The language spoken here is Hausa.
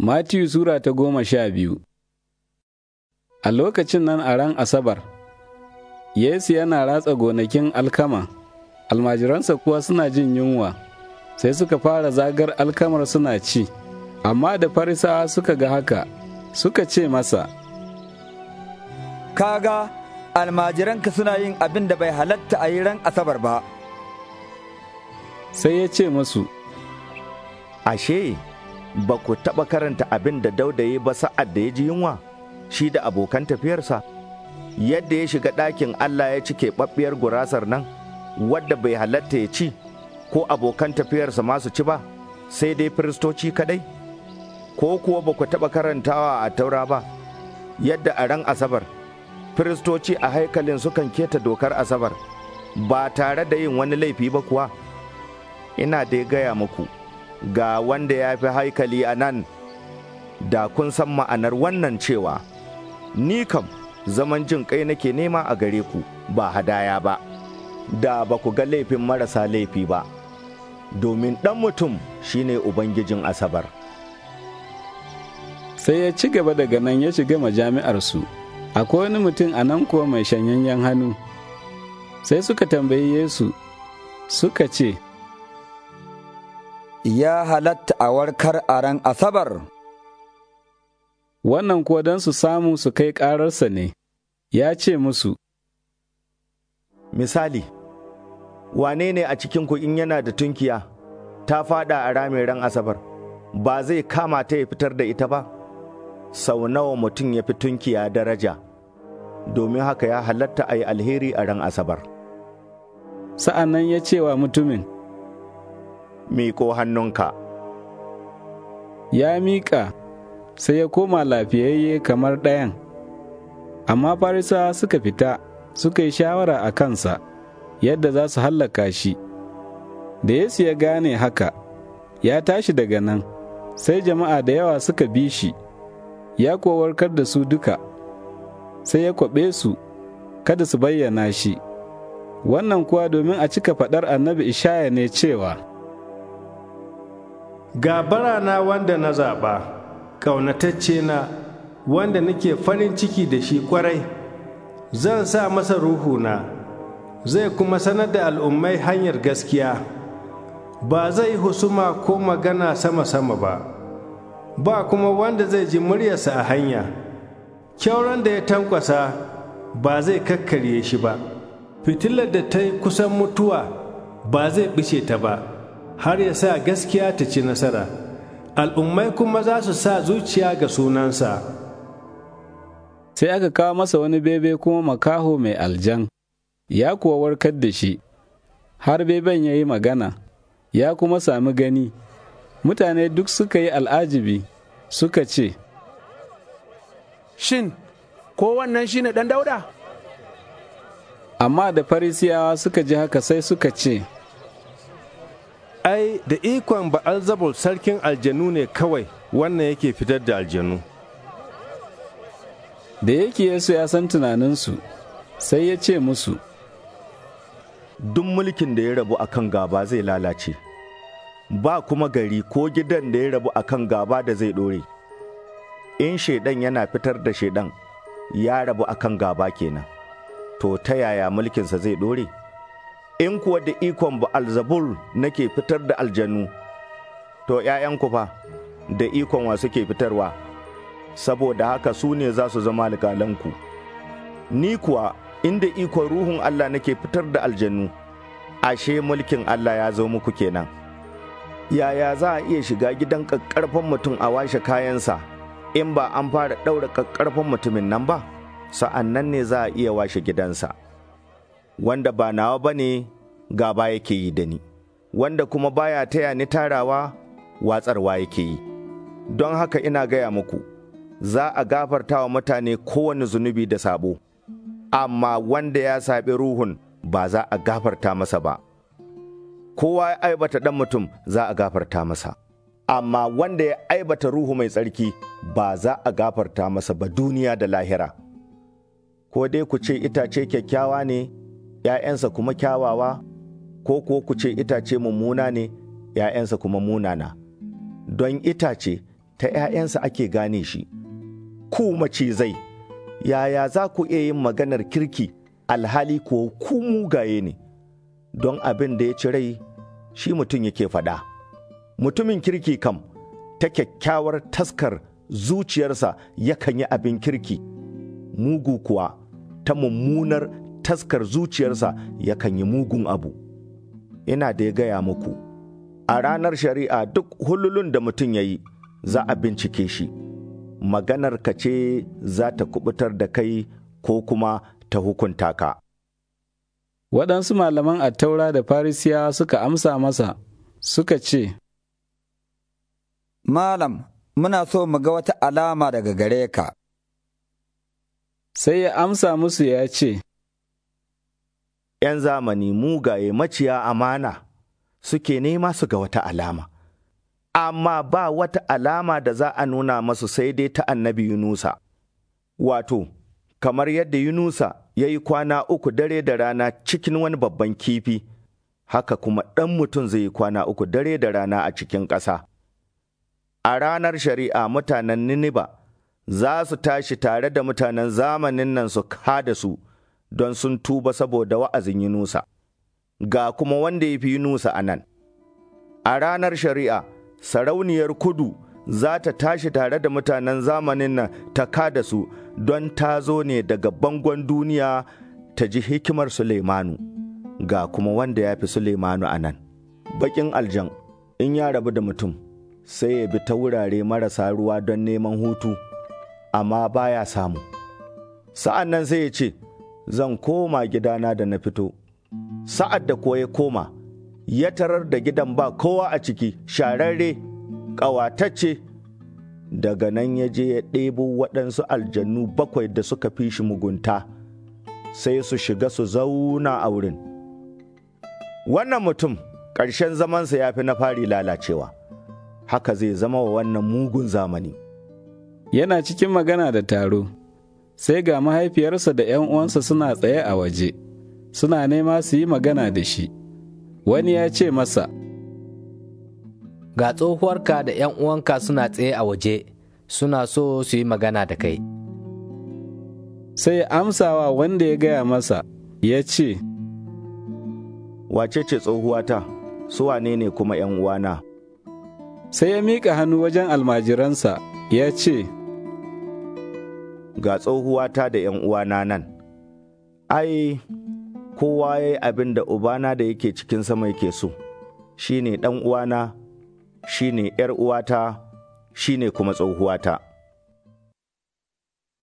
Matiyu Sura ta goma sha biyu A lokacin nan a ran Asabar, Yesu yana ratsa gonakin alkama, almajiransa kuwa suna jin yunwa, sai suka fara zagar alkamar suna ci, amma da farisawa suka ga haka, suka ce masa, Kaga almajiranka suna yin abin da bai halatta a yi ran Asabar ba. Sai ya ce masu, Ashe, ba ku taɓa karanta abin da dauda ya ba sa'ad da ya ji yunwa shi da abokan tafiyarsa yadda ya shiga ɗakin Allah ya ci keɓaɓɓiyar gurasar nan wadda bai halatta ya ci ko abokan tafiyarsa masu ci ba sai dai firistoci kaɗai ko kuwa ba ku taɓa karantawa a taura ba yadda a ran asabar firistoci a haikalin sukan keta dokar asabar ba tare da yin wani laifi ba kuwa ina da ya gaya muku. ga wanda ya fi haikali a nan, da kun san ma'anar wannan cewa, Ni kam zaman jin kai nake nema a gare ku ba hadaya ba, da ba ku ga laifin marasa laifi ba, domin ɗan mutum shine Ubangijin Asabar. Sai ya ci gaba daga nan ya shiga majami'arsu, akwai wani mutum a nan kuwa mai shanyayyen hannu. Sai suka tambayi Yesu, suka ce, ya halatta a warkar a ran Asabar? Wannan kuwa don su samu su kai ƙararsa ne, ya ce musu. Misali, wane ne a cikin in yana da tunkiya, ta fada a ramin ran Asabar, ba zai kama ta ya fitar da ita ba? Sau nawa mutum ya fi tunkiya daraja, domin haka ya halatta a yi alheri a ran Asabar. Sa'an nan ya ce wa mutumin, miko hannunka. Ya miƙa, sai ya koma lafiyayye kamar ɗayan, amma farisa suka fita suka yi shawara a kansa yadda za su hallaka shi. Da Yesu ya gane haka, ya tashi daga nan, sai jama'a da yawa suka bi shi, ya kowarkar da su duka, sai ya kwaɓe su, kada su bayyana shi. Wannan kuwa domin a cika faɗar annabi Ishaya ne cewa, Gabara na wanda na zaɓa ƙaunatacce na wanda nake farin ciki da shi kwarai. zan sa masa ruhuna zai kuma sanar da al'ummai hanyar gaskiya ba zai husuma ko magana sama-sama ba ba kuma wanda zai ji muryarsa a hanya kyauran da ya tankwasa ba zai kakkarye shi ba fitilar da ta yi kusan mutuwa ba zai bishe ta ba har ya sa gaskiya ta ci nasara al'ummai kuma za su sa zuciya ga sunansa sai aka kawo masa wani bebe kuma makaho mai aljan ya kuwa warkar da shi har beben ya yi magana ya kuma sami gani mutane duk suka yi al'ajibi suka ce shin ko wannan shi ne ɗan dauda amma da farisiyawa suka ji haka sai suka ce ai da ikon ba'alzabul sarkin aljanu ne kawai wannan yake fitar da aljanu da yake yasu ya san tunaninsu sai ya ce musu duk mulkin da ya rabu akan gaba zai lalace ba kuma gari ko gidan da ya rabu akan gaba da zai ɗore in shaidan yana fitar da shaidan ya rabu akan gaba kenan to ta yaya mulkinsa zai ɗore? in kuwa da ikon ba'alzabul nake fitar da aljanu to ’ya'yanku fa da ikon wa suke fitarwa saboda haka su ne za su zama alƙalanku ni kuwa inda ikon ruhun Allah nake fitar da aljanu ashe mulkin Allah ya zo muku kenan yaya za a iya shiga gidan ƙaƙƙarfan mutum a washe kayansa in ba an fara ɗaura ƙaƙƙarfan mutumin nan ba sa'an nan ne za a iya washe gidansa wanda ba nawa ba ne gaba yake yi da ni, wanda kuma baya taya ni tarawa watsarwa yake yi. Don haka ina gaya muku, za a gafarta wa mutane kowane zunubi da sabo, amma wanda ya saɓi ruhun ba za a gafarta masa ba. Kowa ya aibata ɗan mutum za a gafarta masa, amma wanda ya aibata ruhu mai tsarki ba za a gafarta masa ba duniya da lahira. Ko dai ku ce itace kyakkyawa ne. ’ya'yansa kuma kyawawa, ko kuwa ku ce itace mummuna ne, ’ya'yansa kuma munana. Don itace ta ’ya'yansa ake gane shi, ku macizai, yaya za ku iya yin maganar kirki alhali kuwa ku mugaye ne, don abin da ya ci rai shi mutum yake faɗa. Mutumin kirki kam ta kyakkyawar taskar zuciyarsa yakan yi abin kirki, mugu kuwa ta mummunar taskar zuciyarsa yakan yi mugun abu. Ina da ya gaya muku, a ranar shari'a duk hululun da mutum ya yi za a bincike shi, maganar ka ce za ta kubutar da kai ko kuma ta hukunta ka. Waɗansu malaman attaura da farisiya suka amsa masa, suka ce, Malam, muna so mu ga wata alama daga gare ka. Sai ya amsa musu ya ce, ’yan zamani mugaye maciya amana suke nema su ga wata alama, amma ba wata alama da za a nuna masu sai dai ta annabi Yunusa. Wato, kamar yadda Yunusa ya yi kwana uku dare da rana cikin wani babban kifi, haka kuma ɗan mutum zai yi kwana uku dare da rana a cikin ƙasa. A ranar shari'a mutanen Niniba za su tashi tare da mutanen zamanin nan su kada su. don sun tuba saboda wa'azin yi nusa, ga kuma wanda ya fi Yunusa a nan. A ranar shari'a, sarauniyar kudu za ta tashi tare da mutanen zamanin nan ta da su don ta zo ne daga bangon duniya ta ji hikimar Suleimanu, ga kuma wanda ya fi Suleimanu a nan. Bakin aljan, in ya rabu da mutum, sai ya bi ta wurare marasa ruwa don neman hutu, amma baya samu. Sa'an nan sai ya ce, zan koma gidana da na fito. Sa'ad da kuwa ya koma, ya tarar da gidan ba kowa a ciki, shararre, ƙawatacce, daga nan ya je ya ɗebo waɗansu aljannu bakwai da suka fi shi mugunta, sai su shiga su zauna a wurin. Wannan mutum ƙarshen zamansa ya fi na fari lalacewa, haka zai zama wa wannan mugun zamani. Yana cikin magana da taro. sai ga mahaifiyarsa da ‘yan uwansa suna tsaye a waje, suna nema su yi magana da shi. Wani ya ce masa, Ga tsohuwarka da ‘yan uwanka suna tsaye a waje, suna so su yi magana da kai. Sai amsawa wanda ya gaya masa, ya ce, Wace ce tsohuwata, su wane ne kuma ‘yan uwana? Sai ya miƙa hannu wajen almajiransa, ya ce, ga tsohuwata da ’yan uwana nan, ai, kowa ya yi abin da Ubana da yake cikin sama yake so, shi ne uwana, shi ne ’yar uwata, shi ne kuma tsohuwata.